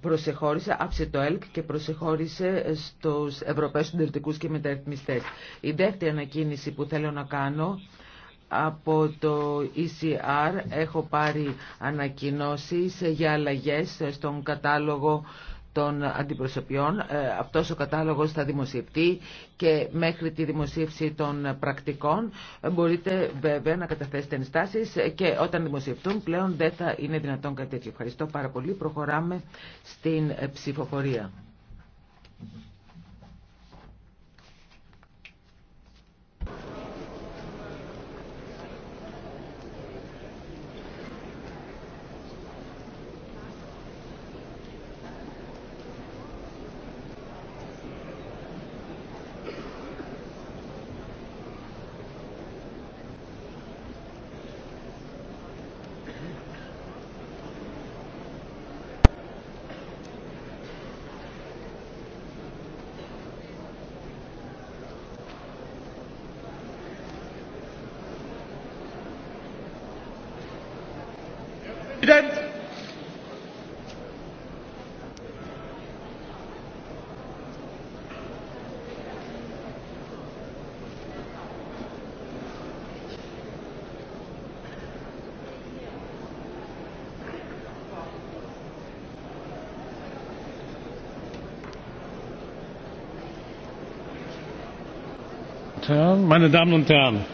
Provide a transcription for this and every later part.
προσεχώρησε, άψε το ΕΛΚ και προσεχώρησε στους Ευρωπαίους Συντηρητικούς και Μεταρρυθμιστές. Η δεύτερη ανακοίνηση που θέλω να κάνω από το ECR έχω πάρει ανακοινώσεις για αλλαγές στον κατάλογο των αντιπροσωπιών. Ε, αυτός ο κατάλογος θα δημοσιευτεί και μέχρι τη δημοσίευση των πρακτικών ε, μπορείτε βέβαια να καταθέσετε ενστάσεις και όταν δημοσιευτούν πλέον δεν θα είναι δυνατόν κάτι τέτοιο. Ευχαριστώ πάρα πολύ. Προχωράμε στην ψηφοφορία. Präsident! Meine Damen und Herren!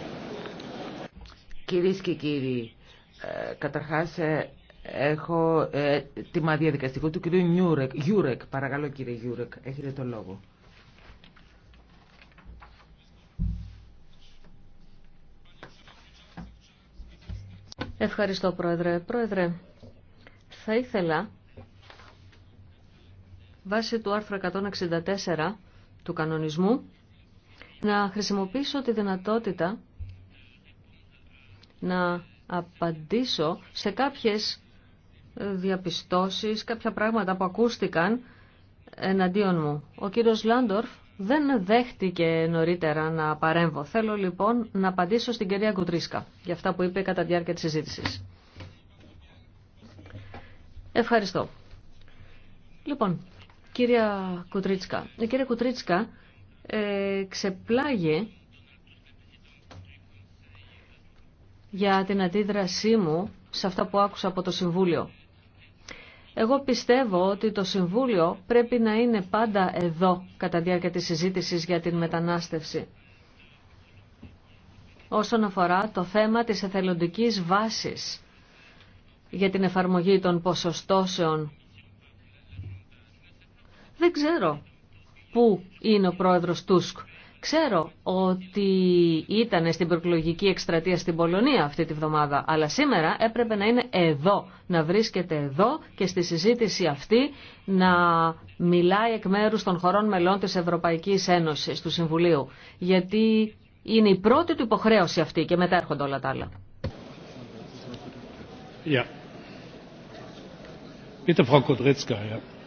Κυρίες και κύριοι, καταρχάς Έχω ε, τη διαδικαστικό του κυρίου Νιούρεκ. Γιούρεκ, παρακαλώ κύριε Γιούρεκ, έχετε το λόγο. Ευχαριστώ πρόεδρε. Πρόεδρε, θα ήθελα βάσει του άρθρου 164 του κανονισμού να χρησιμοποιήσω τη δυνατότητα να απαντήσω σε κάποιες διαπιστώσεις, κάποια πράγματα που ακούστηκαν εναντίον μου. Ο κύριος Λάντορφ δεν δέχτηκε νωρίτερα να παρέμβω. Θέλω λοιπόν να απαντήσω στην κυρία Κουτρίσκα για αυτά που είπε κατά τη διάρκεια της συζήτησης. Ευχαριστώ. Λοιπόν, κυρία Κουτρίτσκα. Η κυρία Κουτρίτσκα ε, ξεπλάγει για την αντίδρασή μου σε αυτά που άκουσα από το Συμβούλιο. Εγώ πιστεύω ότι το Συμβούλιο πρέπει να είναι πάντα εδώ κατά διάρκεια της συζήτησης για την μετανάστευση. Όσον αφορά το θέμα της εθελοντικής βάσης για την εφαρμογή των ποσοστώσεων, δεν ξέρω πού είναι ο πρόεδρος Τούσκ Ξέρω ότι ήταν στην προκλογική εκστρατεία στην Πολωνία αυτή τη βδομάδα, αλλά σήμερα έπρεπε να είναι εδώ, να βρίσκεται εδώ και στη συζήτηση αυτή να μιλάει εκ μέρους των χωρών μελών της Ευρωπαϊκής Ένωσης, του Συμβουλίου, γιατί είναι η πρώτη του υποχρέωση αυτή και μετά έρχονται όλα τα άλλα.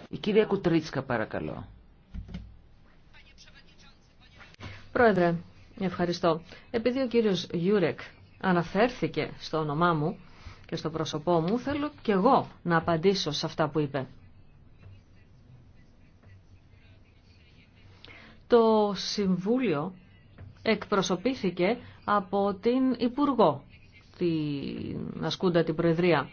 Η κυρία Κουτρίτσκα παρακαλώ. Πρόεδρε, ευχαριστώ. Επειδή ο κύριος Γιούρεκ αναφέρθηκε στο όνομά μου και στο πρόσωπό μου, θέλω και εγώ να απαντήσω σε αυτά που είπε. Το Συμβούλιο εκπροσωπήθηκε από την Υπουργό, την ασκούντα την Προεδρία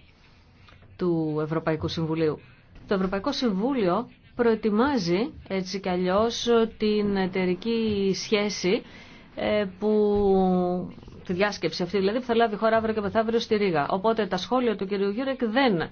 του Ευρωπαϊκού Συμβουλίου. Το Ευρωπαϊκό Συμβούλιο προετοιμάζει έτσι κι αλλιώς την εταιρική σχέση ε, που τη διάσκεψη αυτή δηλαδή που θα λάβει η χώρα αύριο και μεθαύριο στη Ρήγα. Οπότε τα σχόλια του κ. Γιούρεκ δεν